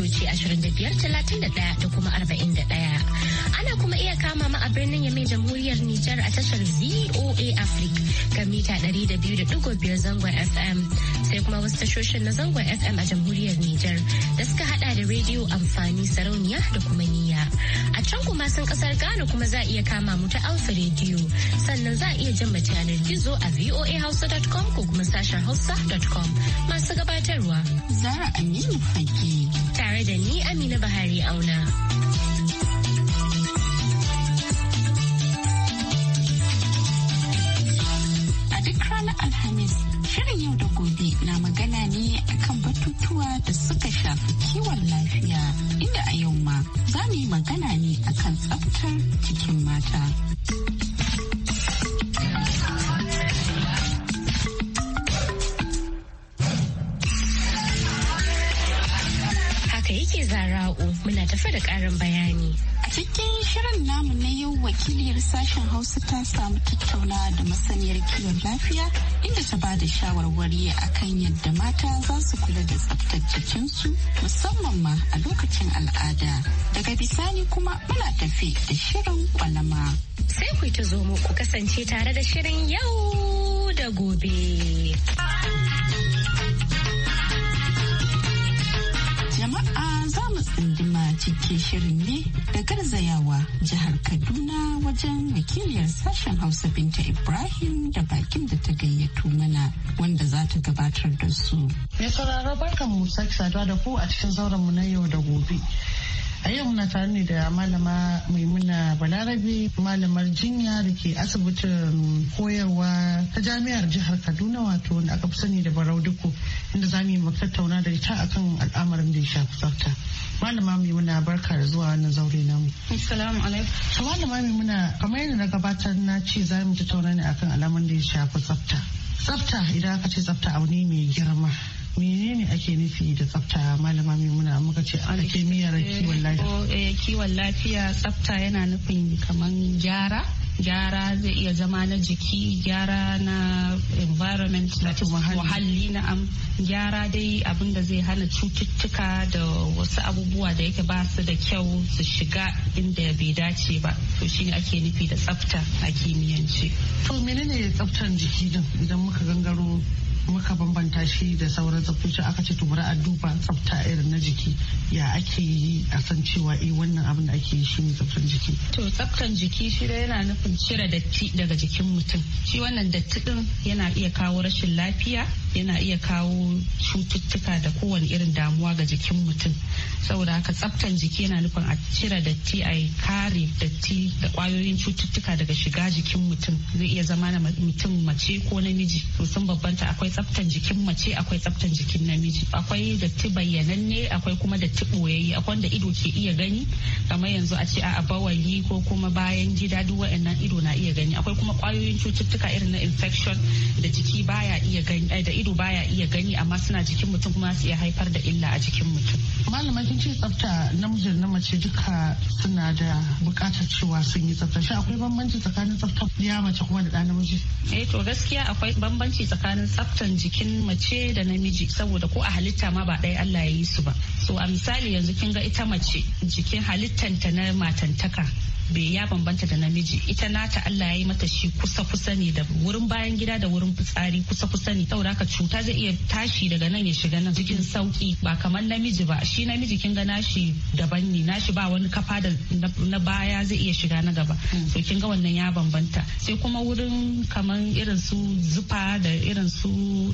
mitoci 2531 da kuma 41. Ana kuma iya kama ma a birnin Yamai Jamhuriyar Nijar a tashar VOA Africa ga mita 200.5 zangon FM. Sai kuma wasu tashoshin na zangon FM a Jamhuriyar Nijar da suka hada da rediyo amfani sarauniya da kuma niyya. a can kuma sun kasar Ghana kuma za iya kama mu ta Alfa Radio. Sannan za iya jin mata yanar gizo a voahausa.com ko kuma sashen hausa.com. Masu gabatarwa. Zara Aminu Fage. Tare da ni Amina Bahari Auna. Alhamis shirin yau da gobe na magana ne akan batutuwa da suka shafi kiwon lafiya inda za mu magana ne akan tsaftar cikin mata. Haka yake zara'u muna tafe da ƙarin bayani. cikin shirin namu na yau wakiliyar sashen hausa ta samu tattauna da masaniyar kiwon lafiya inda ta ba da shawarwari akan yadda mata za su kula da tsaftar jikinsu musamman ma a lokacin al'ada daga bisani kuma muna tafi da shirin kwalama. Sai ku ta zo mu ku kasance tare da shirin yau da gobe. Jama'a za mu tsindima cikin shirin ne da garzayawa jihar Kaduna wajen wakiliyar sashen Hausa Binta Ibrahim da bakin da ta gayyato mana wanda za ta gabatar da su. Mai sauraro barkan mu sake saduwa da ku a cikin zauren mu na yau da gobe. A yau na tare ne da malama Maimuna Balarabe malamar jinya da ke asibitin koyarwa ta jami'ar jihar Kaduna wato wanda aka fi sani da Barau Duku inda za mu yi tattauna da ita akan al'amarin da ya shafi tsafta. Malama Maimuna barka da zuwa wannan zaure namu. Assalamu alaikum. To malama Maimuna kamar yadda na gabatar na ce za mu tattauna ne akan al'amarin da ya shafi tsafta. Tsafta idan aka ce tsafta abu ne mai girma menene ake nufi da tsafta malama muna muka ce ana kimiyyar kiwon lafiya eh, eh, kiwon lafiya tsafta yana nufin kaman gyara gyara zai iya zama na jiki gyara na environment na muhalli na am gyara dai abinda zai hana cututtuka da wasu abubuwa da yake ba da kyau su shiga inda bai dace ba to ne ake nufi da tsafta a kimiyyance to menene tsaftar jiki din idan muka gangaro muka bambanta shi da sauran tsaftoci aka ce tubura a duba tsafta irin na jiki ya ake yi a san cewa eh wannan abin da ake yi shi ne tsaftan jiki. To tsaftan jiki shi da yana nufin cire datti daga jikin mutum. Shi wannan datti din yana iya kawo rashin lafiya yana iya kawo cututtuka da kowane irin damuwa ga jikin mutum. Saboda haka tsaftan jiki yana nufin a cire datti a kare datti da kwayoyin cututtuka daga shiga jikin mutum zai iya zama na mutum mace ko namiji to sun babbanta akwai akwai tsaftan jikin mace akwai tsaftan jikin namiji akwai datti bayyananne akwai kuma datti boyayye akwai wanda ido ke iya gani kamar yanzu a ce a bawali ko kuma bayan gida duk wa'annan ido na iya gani akwai kuma kwayoyin cututtuka irin na infection da jiki baya iya gani eh, da ido baya iya gani amma suna jikin mutum kuma su iya haifar da illa a jikin mutum malama kin ce tsafta namijin na mace duka suna da bukatar cewa sun yi tsafta shi akwai bambanci tsakanin tsafta ya mace kuma da ɗan namiji eh to gaskiya akwai bambanci tsakanin tsafta kitsan jikin mace da namiji saboda ko a halitta ma ba ɗaya Allah ya yi su ba so a misali yanzu kin ga ita mace jikin halittanta na matantaka bai ya bambanta da namiji ita nata Allah ya yi mata shi kusa kusa ne da wurin bayan gida da wurin fitsari kusa kusa ne saboda haka cuta zai iya tashi daga nan ya shiga nan cikin sauki ba kamar namiji ba shi namiji kin ga nashi daban ne nashi ba wani kafa da na baya zai iya shiga na gaba so kin ga wannan ya bambanta sai kuma wurin kamar irin su zufa da irin su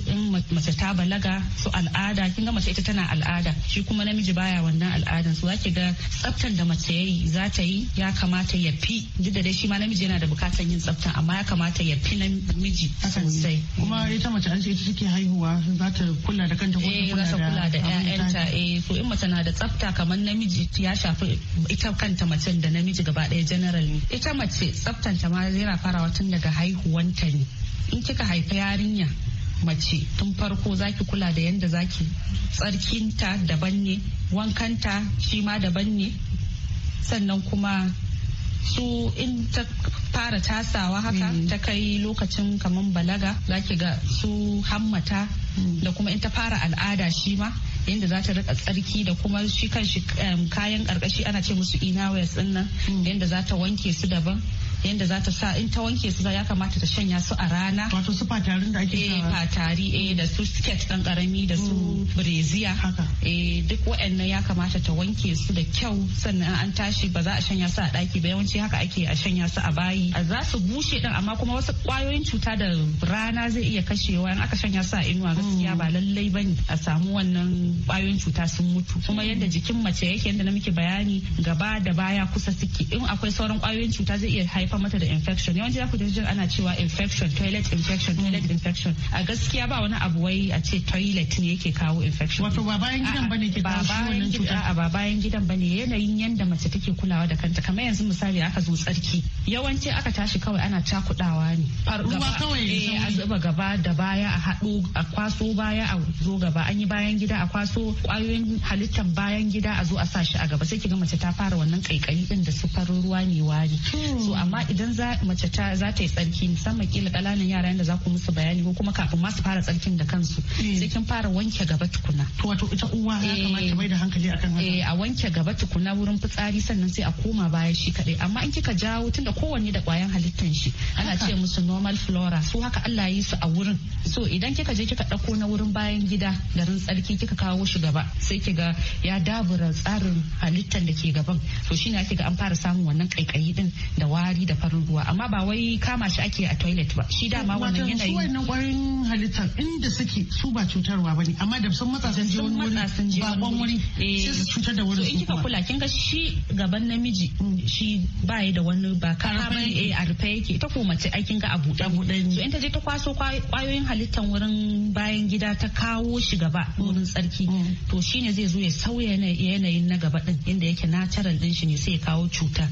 in mace ta balaga su al'ada kin ga mace ita tana al'ada shi kuma namiji baya wannan al'adan su zaki ga tsaftar da mace yayi za ta yi ya kamata kamata ya fi duk da dai shi ma namiji yana da bukatar yin tsafta amma ya kamata ya fi namiji sosai kuma ita mace an ce ita take haihuwa za ta kula da kanta ko ta eh, kula da ƴaƴanta eh so in mace na da tsafta kamar namiji ya shafi ita kanta macen da namiji gaba ɗaya general ne ita mace tsaftanta ma yana farawa tun daga haihuwanta ne in kika haifa yarinya mace tun farko zaki kula da yadda zaki tsarkinta daban ne wankanta shi ma daban ne sannan kuma su in ta fara tasawa haka mm. ta kai lokacin kamar balaga za ki ga su hammata mm. da kuma in ta fara al'ada shi ma yadda za ta rika tsarki da kuma shi kan shi kayan karkashi ana ce musu inawes din nan mm. yadda za ta wanke su daban yadda za ta sa in ta wanke su ya kamata ta shanya su a rana wato su fatarin da ake eh, sa. fatari eh da su skirt dan karami da su mm. breziya eh duk waɗannan ya kamata ta wanke su da kyau sannan an tashi ba za a shanya su a daki ba yawanci haka ake a shanya su a bayi za su bushe din amma kuma wasu kwayoyin cuta da rana zai iya kashewa in aka shanya su a inuwa gaskiya mm. ba lallai bane a samu wannan kwayoyin cuta sun mutu kuma mm. yadda jikin mace yake yadda na muke bayani gaba da baya kusa suke in akwai sauran kwayoyin cuta zai iya haifar mata da infection yawanci za ku ji ana cewa infection toilet infection toilet infection a gaskiya ba wani abu wai a ce toilet ne yake kawo infection wato ba bayan gidan bane ke kawo wannan cuta ba bayan gidan bane yanayin yanda mace take kulawa da kanta kamar yanzu misali aka zo tsarki yawanci aka tashi kawai ana cakudawa ne ruwa kawai eh, a zuba gaba da baya a haɗo a kwaso baya a zo gaba an yi bayan gida a kwaso kwayoyin halittan bayan gida a zo a sa shi a gaba sai ga mace ta fara wannan kaikayi din da su ruwa ne wari hmm. so amma amma idan za mace ta za ta yi tsarki musamman kila kalanan yara da za ku musu bayani ko kuma kafin ma fara tsarkin da kansu eh. sai kin fara wanke gaba tukuna to wato ita uwa ya eh. kamata mai da hankali akan haka eh a wanke gaba tukuna wurin fitsari sannan sai a koma baya shi kadai amma in kika jawo tunda kowanne da kwayan halittan shi ana ce musu normal flora su haka Allah yi su a wurin so idan kika je kika dauko na wurin bayan gida garin tsarki kika kawo shi gaba sai kiga ya dabura tsarin halittan da ke gaban to shine ake ga an fara samun wannan kaikayi din da wari da farin ruwa amma ba wai kama shi ake a toilet ba shi dama wannan yanayi wato wannan kwarin halittar inda suke su ba cutarwa bane amma da sun matsa sun je wani wuri ba kon wuri eh. sai su cutar da wani in kika kula kin ga shi gaban namiji shi ba yi da wani ba kama bane eh a rufe yake ta ko mace ai kin ga a buɗe buɗe so in ta je ta kwaso kwayoyin halittar wurin bayan gida ta kawo shi gaba mm. wurin tsarki mm. to shine zai zo ya sauya yanayin na gaba din inda yake natural din shi ne sai ya kawo cuta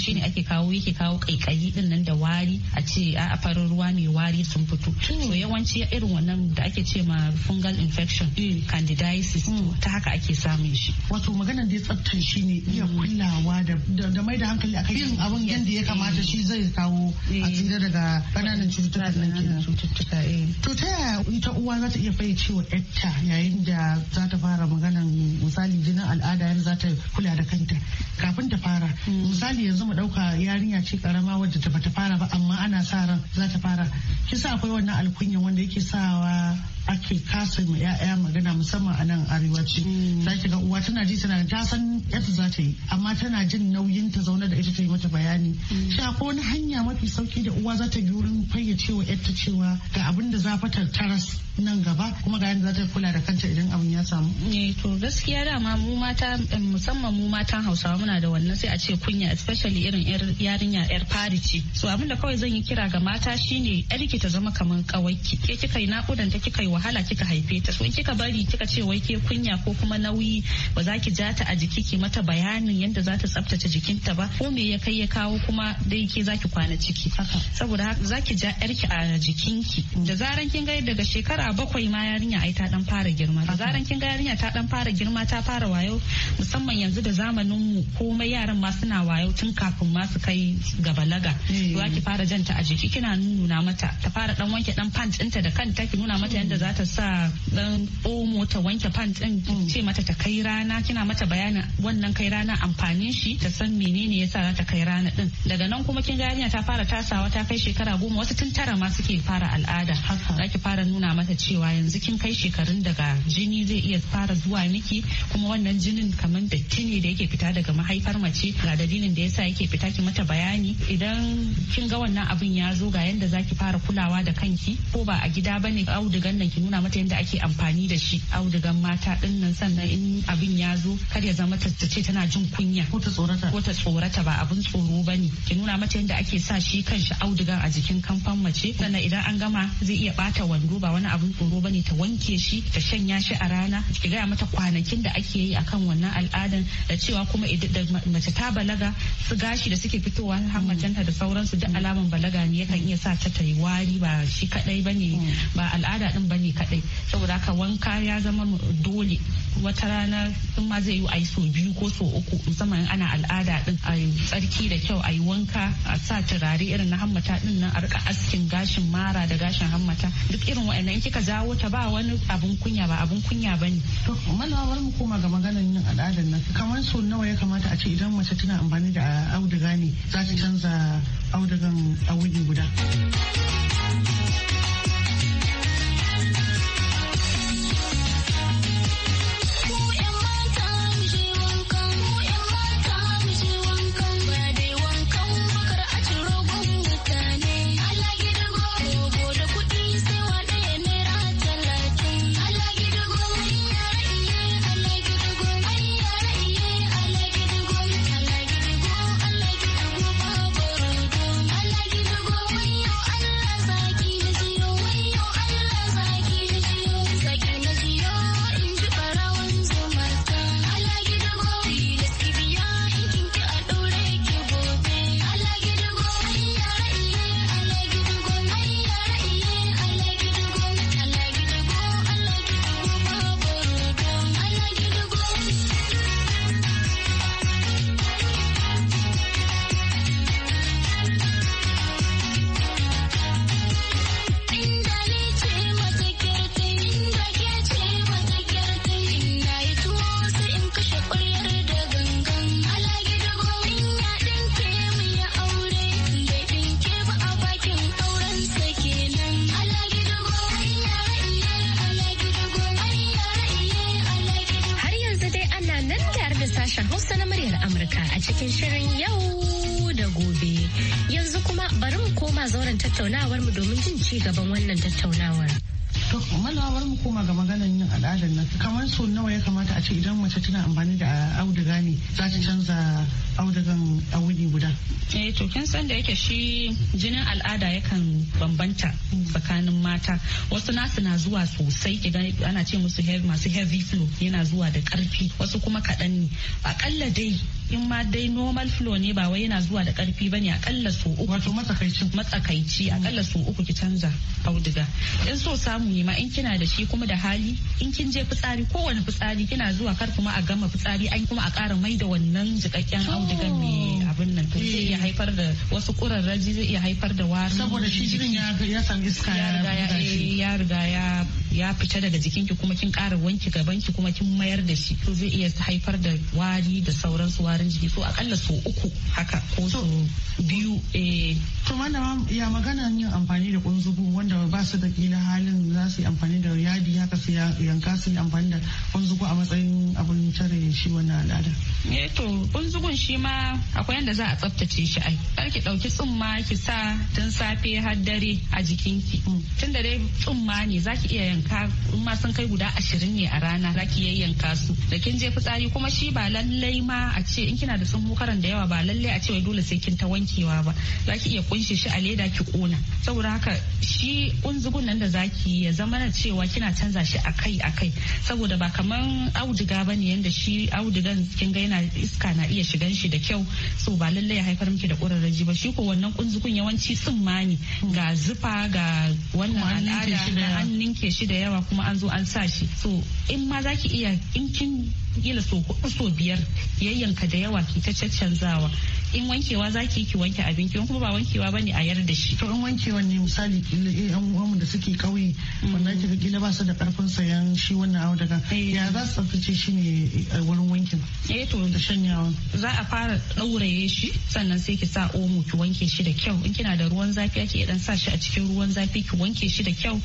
shi ne ake kawo yake kawo kaikayi din nan da wari a ce a farin ruwa mai wari sun fito so hmm. yawanci irin wannan da ake ce ma fungal infection hmm, candidiasis hmm. ta haka ake samun shi wato maganar da tsabta shi ne iya kullawa da mai da hankali akan yin abin yanda ya kamata shi zai kawo a tsira daga kananan cututtukan nan cututtuka eh. to ta yaya ita uwa za ta iya fayyace wa yarta yayin da za ta fara maganar misali jinin al'ada yanzu za ta kula da kanta kafin ta fara misali yanzu mu dauka yarinya ce karama wadda ta bata fara ba amma ana sa ran za ta fara kisa akwai wannan alkunyan wanda yake sawa ake kasa ma 'ya'ya magana musamman a nan arewaci mm. za ki ga uwa tana ji tana ta san yadda za ta yi amma tana jin nauyin ta zaune da ita ta yi mata bayani mm. shi ko wani hanya mafi sauki da uwa za ta bi wurin fayyacewa yadda cewa ga abin da za fatar taras nan gaba kuma ga yadda za ta kula da kanta idan abin ya samu ne eh, to gaskiya dama mu mata eh, musamman mu matan Hausawa muna da wannan sai a ce kunya especially irin yarinya yar fari ce so abin da kawai zan yi kira ga mata shine ki ta zama kamar kawai ke kika yi nakudan ta kika yi wahala kika haife ta so kika bari kika ce wai ke kunya ko kuma nauyi ba za ki ja a jiki ki mata bayanin yadda za ta tsaftace jikinta ba ko me ya kai ya kawo kuma dai ke za ki kwana ciki saboda haka za ki ja yarki a jikinki da zaran kin ga daga shekara bakwai ma yarinya ai ta dan fara girma da zaran kin ga yarinya ta dan fara girma ta fara wayo musamman yanzu da zamanin mu komai yaran ma suna wayo tun kafin ma su kai ga balaga eh. za ki fara janta a jiki kina nuna mata ta fara dan wanke dan pant ɗinta da kanta ki nuna mata yadda za ta sa dan omo ta wanke pant din mm. ce mata ta kai rana kina mata bayanin wannan kai rana amfanin shi ta san menene yasa za ta kai rana din daga nan kuma kin ga yarinya ta fara tasawa ta kai shekara goma wasu tun tara ma suke fara al'ada haka zaki fara nuna mata cewa yanzu kin kai shekarun daga jini zai iya fara zuwa miki kuma wannan jinin kamar datti ne da yake fita daga mahaifar mace ga dalilin da yasa yake fita ki mata bayani idan kin ga wannan abin ya zo ga yanda zaki fara kulawa da kanki ko ba a gida bane audugan nan ki nuna mata yadda ake amfani da shi audugan mata din sannan in abin ya zo kar ya zama ta ce tana jin kunya ko ta tsorata ko ta tsorata ba abin tsoro bane ki nuna mata yadda ake sa shi kanshi audugan a jikin kamfan mace sannan idan an gama zai iya bata wando ba wani abin tsoro bane ta wanke shi ta shanya shi a rana ki gaya mata kwanakin da ake yi akan wannan al'adan da cewa kuma idan mace ta balaga su gashi da suke fitowa macenta da sauransu duk alaman balaga ne yakan iya sa ta ta yi wari ba shi kadai bane mm. ba al'ada din ba bane kadai saboda haka wanka ya zama dole wata rana in ma zai yi a yi so biyu ko so uku musamman ana al'ada din a yi tsarki da kyau a yi wanka a sa turare irin na hammata din nan a rika askin gashin mara da gashin hammata duk irin wa'annan kika jawo ta ba wani abun kunya ba abun kunya ba ne. to manawa bari mu koma ga maganar yin al'adar nan kamar so nawa ya kamata a ce idan mace tana amfani da auduga ne za ta canza audugan a wuni guda. bari mu koma zauren tattaunawar mu domin jin ci gaban wannan tattaunawar. To malawar mu koma ga maganar yin al'adar nan kamar so nawa ya kamata a ce idan mace tana amfani da auduga ne za ta canza audugan a guda. Eh to kin san da yake shi jinin al'ada yakan bambanta tsakanin mata wasu nasu na zuwa sosai idan ana ce musu masu heavy flow yana zuwa da karfi wasu kuma kaɗan ne akalla dai in ma dai normal flow ne ba wai yana zuwa da karfi bane akalla so uku wato matsakaici matsakaici akalla so uku ki canza auduga in so samu ne ma in kina da shi kuma da hali in kin je fitsari kowane fitsari kina zuwa kar kuma a gama fitsari an kuma a ƙara mai da wannan jikakken audugan ne abin nan to zai iya eh. haifar da wasu kurarraji zai iya haifar da wari saboda shi jirin ya san iska eh, ya riga ya ya fita daga jikin ki kuma kin ƙara wanki gaban ki kuma kin mayar da shi to zai iya haifar da wari da sauransu wari farin jiki so akalla so uku haka ko so biyu eh. to malama ya magana yin amfani da kunzugu wanda ba su da kila halin za su yi amfani da yadi haka su yanka su yi amfani da kunzugu a matsayin abin cire shi wannan al'ada eh to kunzugun shi ma akwai yadda za a tsaftace shi ai kar ki dauki tsumma ki sa tun safe har dare a jikinki tun da dai tsumma ne za ki iya yanka in ma sun kai guda ashirin ne a rana za ki yayyanka su da kin je fitsari kuma shi ba lallai ma a ce in kina da sun karan da yawa ba lallai a cewa dole sai kin ta wankewa ba za ki iya kunshe shi a leda ki kona saboda haka shi unzugun nan da zaki ya zama na cewa kina canza shi akai akai saboda ba kaman auduga ne yanda shi audugan kin ga yana iska na iya shigan shi da kyau so ba lallai ya haifar miki da ƙurarraji ba shi ko wannan unzugun yawanci ma ne ga zufa ga wannan al'ada an ninke shi da yawa kuma an zo an sa shi so in ma zaki iya in kin kila so huɗu so biyar yayyanka da yawa ke ta caccanzawa in wankewa za ki ki wanke abinki in kuma ba wankewa ba ne a yar da shi. To in wankewa ne misali yan uwanmu da suke kauye mm. Wannan kika kila ba su da karfin sayan shi wannan auduga eh. ya za su tsaftace shi ne a eh, wurin wankin. Eh to da shanyawa. Za a fara ɗauraye shi sannan sai ki sa omo ki wanke shi da kyau in kina da ruwan zafi ake dan sa shi a cikin ruwan zafi ki wanke shi da kyau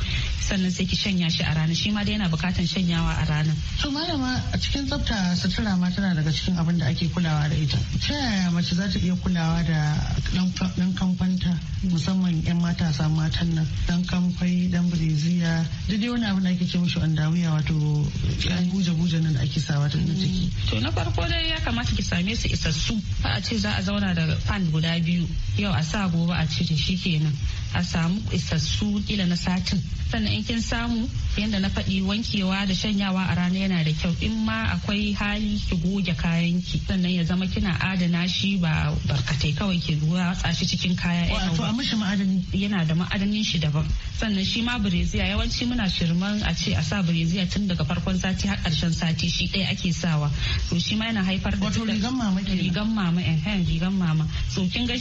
sannan sai ki shanya shi a rana shi ma dai yana bukatan shanyawa a rana. To malama a cikin tsafta sutura ma tana daga cikin abin da ake kulawa da ita. Ta yaya mace za ya iya kulawa da dan kamfanta musamman 'yan matasa matan nan dan kamfai dan bireziya da dai wani abu da ake ce mishi andawiya wato yan buje-buje nan ake sa wata na ciki. Mm. To na farko dai ya kamata ki same su isassu a ce za a zauna da fan guda biyu yau a sa gobe a cire shi kenan a samu isassu kila na satin sannan in kin samu yadda na faɗi wankewa da shanyawa a rana yana da kyau in ma akwai hali ki goge kayan ki sannan ya zama kina adana shi ba barkatai kawai ki a shi cikin kaya wato a mishi ma'adani yana da ma'adanin shi daban sannan shi ma bireziya yawanci muna shirman a ce a sa bireziya tun daga farkon sati har karshen sati shi ɗaya ake sawa to shi ma yana haifar da wato rigan mama rigan mama eh, eh, rigan mama so kin ga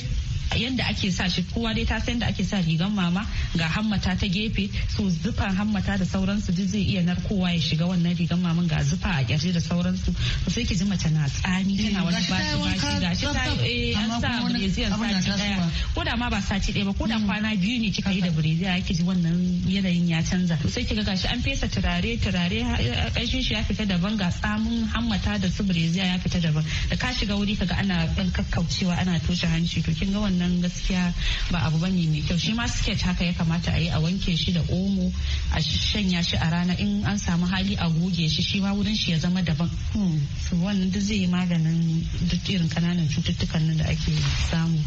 yadda ake sa shi kowa dai ta san da ake sa rigan mama ga hammata ta gefe so zufan hammata da sauransu duk zai iya narkowa ya shiga wannan rigan maman ga zufa a kyarje da sauransu sai ki ji mace na tsani eh, tana wani bashi bashi shi ta eh an sa breziyan sati daya ko da ma ba sati daya ba ko da hmm. kwana biyu ne kika yi da breziya ki ji wannan yanayin ya canza sai ga gashi an fesa turare turare kashin eh, shi ya fita daban ga tsamin hammata da su breziya ya fita daban da ka shiga wuri kaga ana kakkaucewa ana toshe hanci to kin ga wannan nan gaskiya ba abu ne mai kyau shi ma sketch haka ya kamata a yi a wanke shi da omo a shanya shi a rana in an samu hali a goge shi shi ma wurin shi ya zama daban hmm. wannan duk zai yi maganin duk irin kananan cututtukan nan da ake samu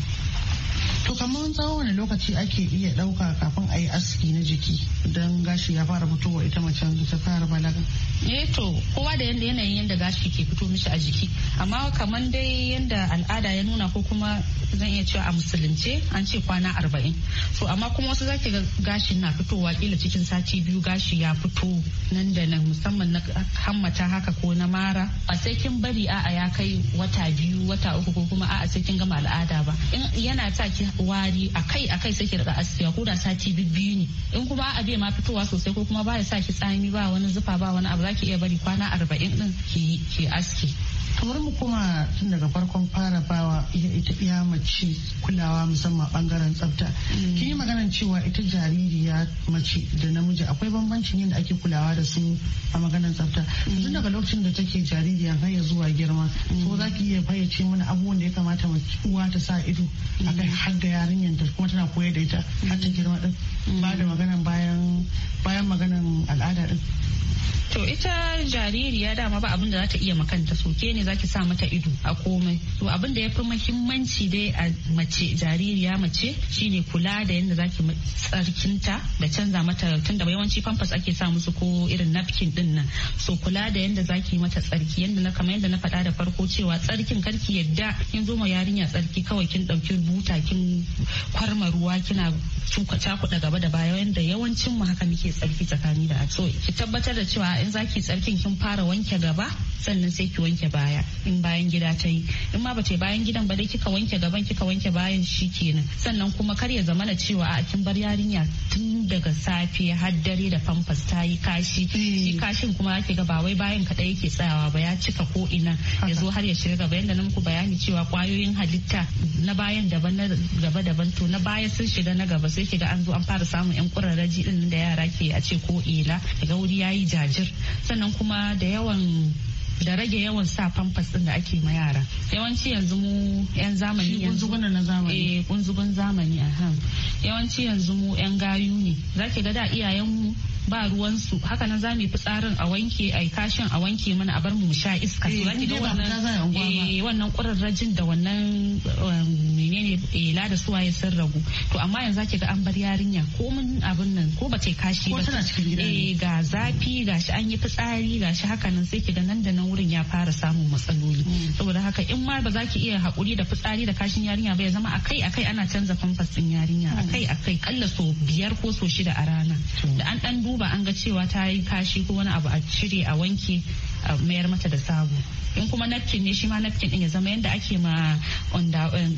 To kamar tsawon wani lokaci ake iya ɗauka kafin a yi aski na jiki don gashi ya fara fitowa ita macen ta fara balaga? Eh to kowa da yanda yanayin yadda gashi ke fito mishi a jiki amma kamar dai yadda al'ada ya nuna ko kuma zan iya cewa a musulunce an ce kwana arba'in to amma kuma wasu zaki ga gashi na fitowa kila cikin sati biyu gashi ya fito nan da nan musamman na hammata haka ko na mara a sai kin bari a'a ya kai wata biyu wata uku ko kuma a'a sai kin gama al'ada ba in yana sa ji wari a akai akai sai ki riga askewa ko da sati biyu ne in kuma a bai ma fitowa sosai ko kuma baya sa ki tsami ba wani zufa ba wani abu zaki iya bari kwana arba'in din ki ki aske kamar mu kuma tun daga farkon fara bawa ita iya mace kulawa musamman bangaren tsafta mm. ki yi maganar cewa ita jaririya mace da namiji akwai bambancin yadda ake kulawa da su a maganar tsafta mm. tun daga lokacin da take jaririya har ya zuwa girma mm. ko za ki iya fayyace mana abubuwan da ya kamata uwa ta sa ido a kai hadda ga yarinyar ta kuma tana koyar da ita har ta girma din mm. ba da maganan bayan bayan maganan al'ada din To ita jaririya dama ba abin da za ta iya makanta soke ne za ki sa mata ido a komai. To abin da ya fi muhimmanci dai a mace jaririya mace shine kula da yadda za ki tsarkinta da canza mata tunda yawanci pampers ake sa musu ko irin napkin din nan. So kula da yadda za ki mata tsarki yadda na kamar yadda na faɗa da farko cewa tsarkin karki yadda kin zo ma yarinya tsarki kawai kin ɗauki buta kin kin kwarma ruwa kina cuka cakuɗa gaba da baya wanda yawancin mu haka muke tsarki tsakani da a so ki tabbatar da cewa in zaki tsarkin kin fara wanke gaba sannan sai ki wanke baya in bayan gida ta yi in ma bace bayan gidan ba dai kika wanke gaban kika wanke bayan shi kenan sannan kuma kar ya zamana cewa a kin bar yarinya tun daga safe har dare da famfas ta yi kashi eh. shi kashin kuma ake ga ba wai bayan dai yake tsayawa ba ya cika ko ina ya zo har ya shiga gaba yanda na muku bayani cewa kwayoyin halitta na bayan daban na gaba daban to na baya sun shiga na gaba sai kiga an zo an fara samun yan kurarraji din da yara ke a ce ko ila daga wuri yayi jajir sannan kuma da yawan da rage yawan sa famfas din da ake ma yara yawanci yanzu mu yan zamani yanzu na zamani eh kunzugun zamani han yawanci yanzu mu yan gayu ne zaki ga da iyayen mu ba ruwansu haka nan za mu tsarin fitsarin a wanke a kashin a wanke mana a bar mu sha iska su eh, zaki ga wannan eh, wannan kurarrajin da wannan um, menene eh, lada da ya sun ragu to amma yanzu zaki ga an bar yarinya ko mun abin nan ko ba ta kashi ba eh ga zafi ga shi an yi fitsari shi haka nan sai ki ga nan da nan wurin ya fara samun matsaloli saboda haka in ma ba za ki iya haƙuri da fitsari da kashin yarinya ba ya zama akai akai ana canza famfas din yarinya hmm. akai akai kalla so biyar ko so shida a rana hmm. da an dan duba an ga cewa ta yi kashi ko wani abu a cire a wanke a mayar mata da sabo in kuma napkin ne shi ma napkin din ya zama yadda ake ma eh,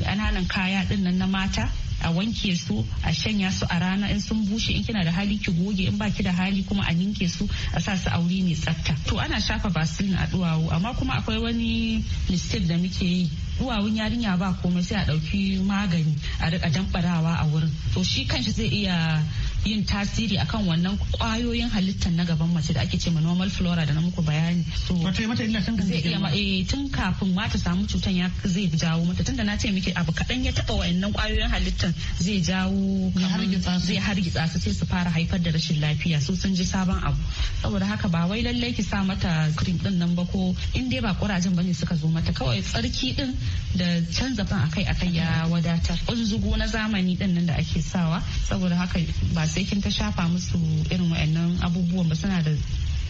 ƙananan kaya din nan na mata a wanke su a shanya su a rana in sun bushe in kina da hali ki goge in baki da hali kuma a ninke su a sa su a mai tsafta to ana shafa vaseline a duwawu amma kuma akwai wani mistake da muke yi duwawun yarinya ba komai sai a ɗauki magani a rika damfarawa a wurin to shi kanshi zai iya yin tasiri akan wannan kwayoyin halittar na gaban mace da ake ce ma normal flora da na muku bayani so eh tun kafin ma ta samu cutan ya zai jawo mata tunda na ce miki abu kadan ya taba wayannan kwayoyin halitta zai jawo zai hargitsa su sai su fara haifar da rashin lafiya su sun ji sabon abu saboda haka ba wai lallai ki sa mata cream din nan ba ko in dai ba kurajen bane suka zo mata kawai tsarki din da canza fan akai akai ya wadatar zugo na zamani din nan da ake sawa saboda haka ba sai kin ta shafa musu irin wa'annan abubuwan ba suna da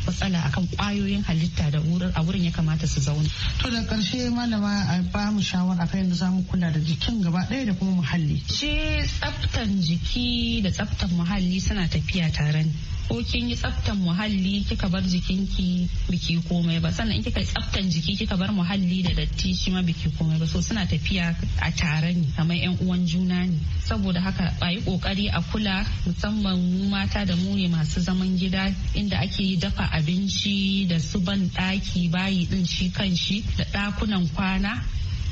matsala akan kwayoyin halitta da wurin a wurin ya kamata su zauna. To da karshe malama a ba mu shawara kan yadda zamu kula da jikin gaba ɗaya da kuma muhalli. Shi tsaftan jiki da tsaftan muhalli suna tafiya tare ko kin yi tsaftan muhalli kika bar jikinki biki komai ba sannan in kika tsaftan jiki kika bar muhalli da datti shi ma biki komai ba so suna tafiya a tare ne kamar yan uwan juna ne saboda haka a yi kokari a kula musamman mu mata da mu ne masu zaman gida inda ake yi dafa abinci da su ban daki bayi din shi kan shi da dakunan kwana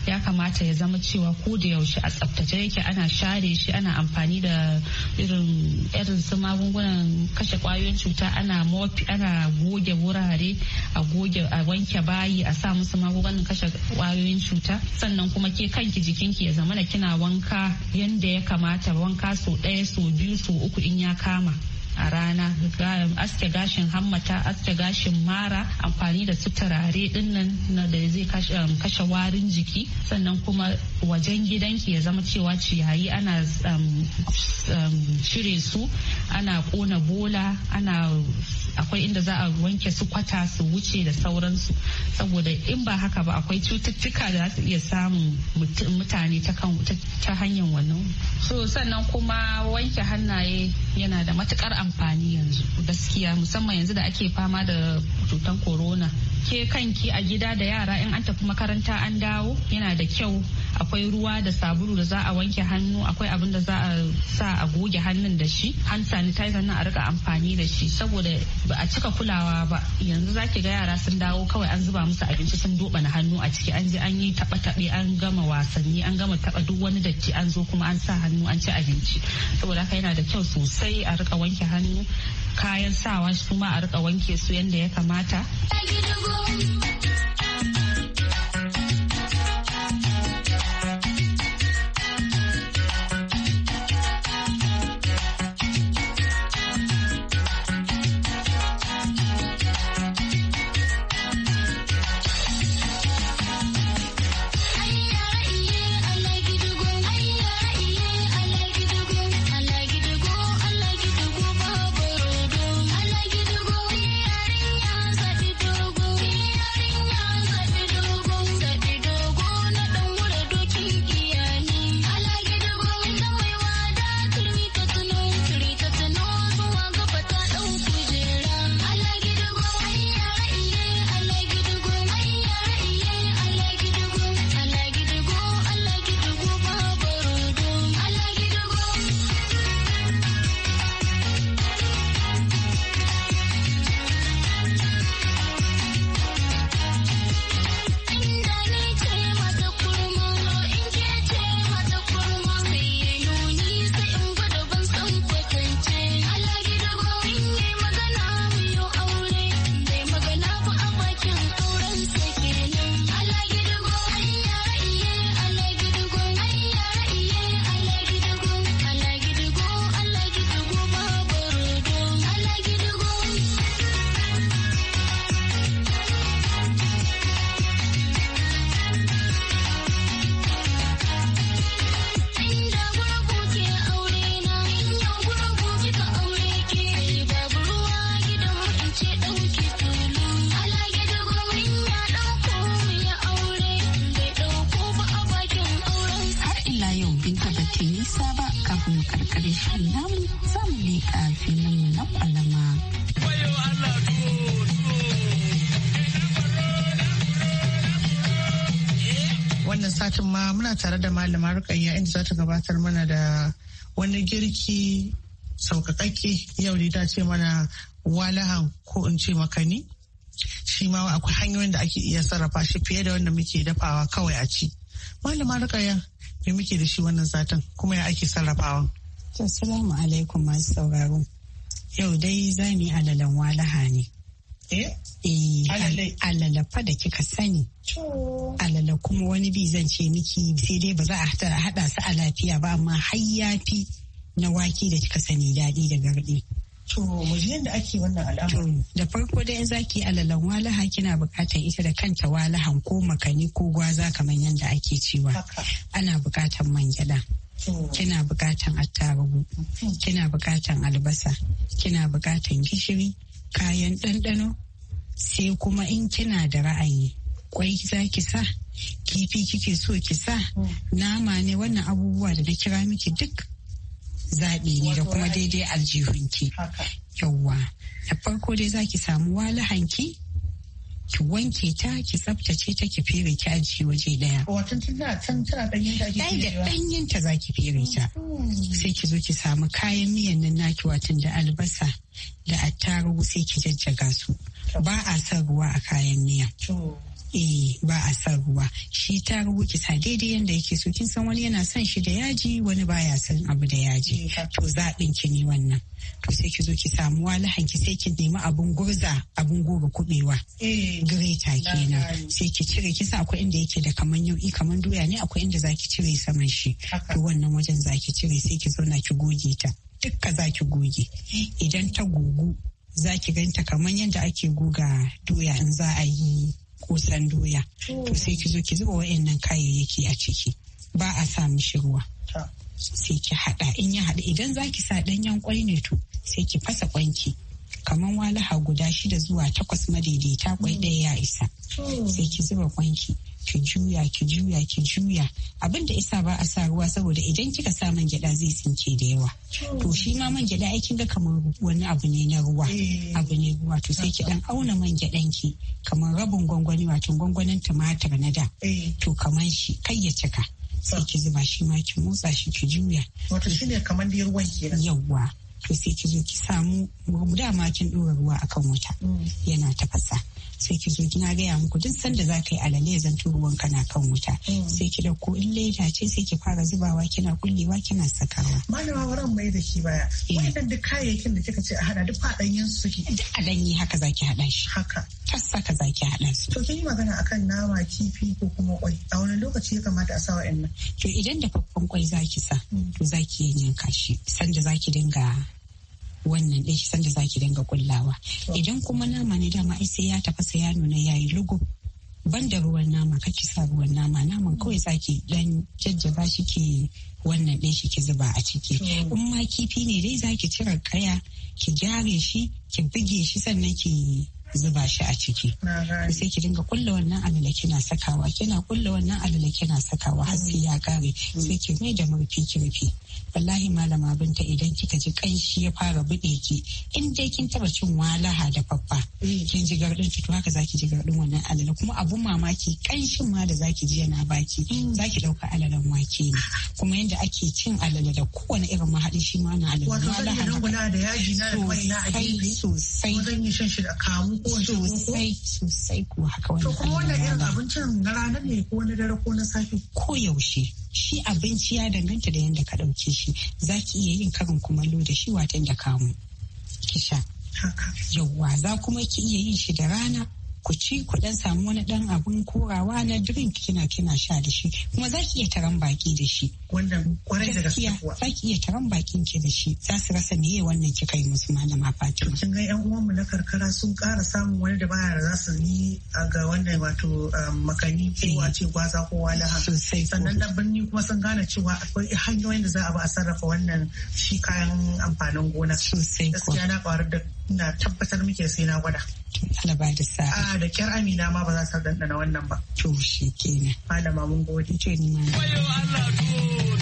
ya kamata ya zama cewa ko da yaushe a tsaftace yake ana share shi ana amfani da irin irin su magungunan kashe kwayoyin cuta ana mopi ana goge wurare a goge a wanke bayi a sa musu magungunan kashe kwayoyin cuta sannan kuma ke kanki jikinki ya zama da kina wanka yanda ya kamata wanka so ɗaya so biyu so uku in ya kama a rana aske gashin hammata aske gashin mara amfani da su turare dinnan na da zai kashe um, warin jiki sannan kuma wajen gidanki ya zama cewa ciyayi ana um, um, cire su ana kona bola ana akwai inda za a wanke su kwata su wuce da sauransu saboda in ba haka ba akwai cututtuka da za su iya samun mutane ta hanyar wannan so sannan kuma wanke hannaye yana da matukar amfani yanzu gaskiya musamman yanzu da ake fama da cutar corona ke kanki a gida da yara in an tafi makaranta an dawo yana da kyau akwai ruwa da sabulu da za a wanke hannu akwai abin da za a sa a goge hannun da shi hand sanitizer nan a rika amfani da shi saboda ba a cika kulawa ba yanzu zaki ga yara sun dawo kawai an zuba musu abinci sun doba na hannu a ciki an je an yi taba tabe an gama wasanni an gama taba duk wani datti an zo kuma an sa hannu an ci abinci saboda haka yana da kyau sosai a rika wanke hannu kayan sawa su ma a rika wanke su yadda ya kamata. tare da malama rukayya inda za ta gabatar mana da wani girki sauƙaƙaƙe yau da ta ce mana walahan ko in ce makani shi ma akwai hanyoyin da ake iya sarrafa shi fiye da wanda muke dafawa kawai a ci malama rukayya me muke da shi wannan satin kuma ya ake sarrafawa assalamu alaikum masu sauraro yau dai zani alalen alalan walaha ne Eh? eh alala fa da kika sani. Alala kuma wani bi zan ce miki sai dai ba za a haɗa su a lafiya ba amma har yafi na wake da kika sani daɗi da garɗi. To mu ji yadda ake wannan al'amari. Da farko dai in za ki alalan walaha kina buƙatar ita da kanta walahan ko makani ko gwaza kamar yadda ake cewa. Ana buƙatar man gyaɗa. Kina buƙatar attarugu, hmm. kina buƙatar albasa, kina buƙatar gishiri, kayan ɗanɗano sai kuma in kina da ra'ayi kwai za ki sa kifi kike so ki sa nama ne wannan abubuwa da na kira miki duk zaɓi ne da kuma daidai aljihunki yawwa da farko dai za ki samu walahanki ki wanke ta ki tsaftace ta ki fere ki ajiye waje daya wato tana can tana ɗanyen ta da ɗanyenta ta za ki fere ta hmm. sai ki zo ki samu kayan miyan nan naki watan da albasa da attarugu sai ki jajjaga su ba a son ruwa a kayan miya. eh ba a san ruwa shi ta kisa daidai yadda yake so kin san wani yana son shi da yaji wani baya son abu da yaji eh, to zaɓin ki ne wannan to sai ki zo ki samu walahan ki sai ki nemi abun gurza abun gobe kuɓewa. Eh, greta kenan sai ki cire kisa akwai inda yake da kaman yau'i kaman doya ne akwai inda zaki cire saman shi to wannan wajen zaki cire sai ki zauna ki goge ta dukka zaki goge idan ta gugu za ki ganta kamar yadda ake guga doya in za a yi kosan doya to sai ki zo ki zuba wa'annan kayayyaki a ciki ba a sa mishi ruwa sai ki haɗa in ya hada idan za ki sa ɗanyen kwai ne to sai ki fasa kwanki kamar walaha guda shida zuwa takwas madaidaita kwai ɗaya ya isa hmm. sai ki zuba kwanki ki juya ki juya ki juya abin da isa ba a sa ruwa saboda idan kika sa man gyada zai sinke da yawa to shi ma man gyada ai kinga kamar wani abu ne na ruwa eh. abu ne ruwa to sai ki dan auna man gyadan ki kamar rabin gwangwani wato gwangwanin tumatir na da eh. to kamar shi kai ya cika sai ki zuba shi ma ki motsa shi ki juya wato shine kamar dai ruwan kenan yawa to sai ki zo ki samu dama kin dora ruwa akan wuta mm. yana tafasa sai ki zo kina gaya muku duk sanda za ka yi alale zan turuwan ruwan na kan wuta mm. sai ki dauko in leda ce sai ki fara zubawa kina kullewa kina sakawa malama wurin mai da shi baya eh. wannan duk kayayyakin da kika ce a hada duk fadanyen su ki duk a danyi haka zaki hada shi haka tassa ka zaki hada su to kin yi magana akan nama kifi ko kuma kwai a wani lokaci ya kamata a sa to idan da faffan kwai zaki sa mm. to zaki yanka shi sanda zaki dinga wannan ɗin sanda za ki dinga kullawa idan kuma nama ne dama ai sai ya tafasa ya nuna yayi lugu ban da ruwan nama kake sa ruwan nama naman kawai za ki dan jajjaba shi ki wannan ɗin shi ki zuba a ciki mm. in ma kifi ne dai za ki cire kaya ki gyare shi ki buge shi sannan ki zuba shi a ciki sai ki dinga kulle wannan alala kina sakawa kina kulle wannan alala kina sakawa har sai ya kare mm. sai ki mai da murfi ki rufe wallahi malama binta idan kika ji kanshi ya fara buɗe ki in dai kin taba cin walaha da faffa mm. kin ji gardin to haka zaki ji gardin wannan alala kuma abun mamaki kanshin ma da zaki ji yana baki mm. zaki dauka alalan wake ne kuma yanda ake cin alala da kowane irin mahaɗi shi ma na alala wato zan yi da yaji na da kwai na a gefe sosai zan yi shan shi da kamu abincin sosai sosai ko haka wani kuma irin abincin na rana ne ko na dare ko na safe. Ko yaushe shi abinci ya danganta da yadda ka ɗauke shi za ki iya yin karin kumallo da shi watan da kamu. kisha Yauwa za kuma ki iya yin shi da rana ku ci ku dan samu wani dan abun korawa na drink kina kina sha da shi kuma za ki iya taron baki da shi wannan kwarai da gaskiya za ki iya taron bakin ki da shi za su rasa meye wannan kika yi musu malama Fatima kin ga yan mu na karkara sun ƙara samun wani da baya za su yi ga wanda wato um, makani cewa eh. ce gwaza ko walaha sannan da birni kuma sun gane cewa akwai hanyoyin da za a ba a sarrafa wannan shi kayan amfanin gona sosai gaskiya na ƙwarar da na tabbatar muke sai na gwada. ba da sa'a. A ah, da kyar Amina ma ba za ta dandana wannan ba. To shi kenan. Malama mun gode. Ce ni ma. Wayo Allah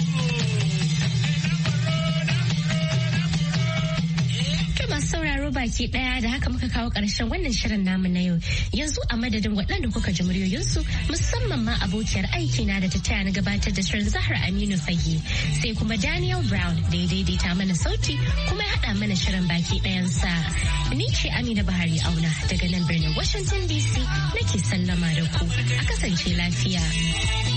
sauraro baki daya da haka muka kawo ƙarshen wannan shirin namu na yau. Yanzu a madadin waɗanda kuka ji muryoyinsu musamman ma abokiyar aiki na da ta taya na gabatar da shirin Zahra Aminu Fage. Sai kuma Daniel Brown da ya daidaita mana sauti kuma ya haɗa mana shirin baki ɗayansa. Ni ce Amina Bahari Auna daga nan birnin Washington DC nake sallama da ku. A kasance lafiya.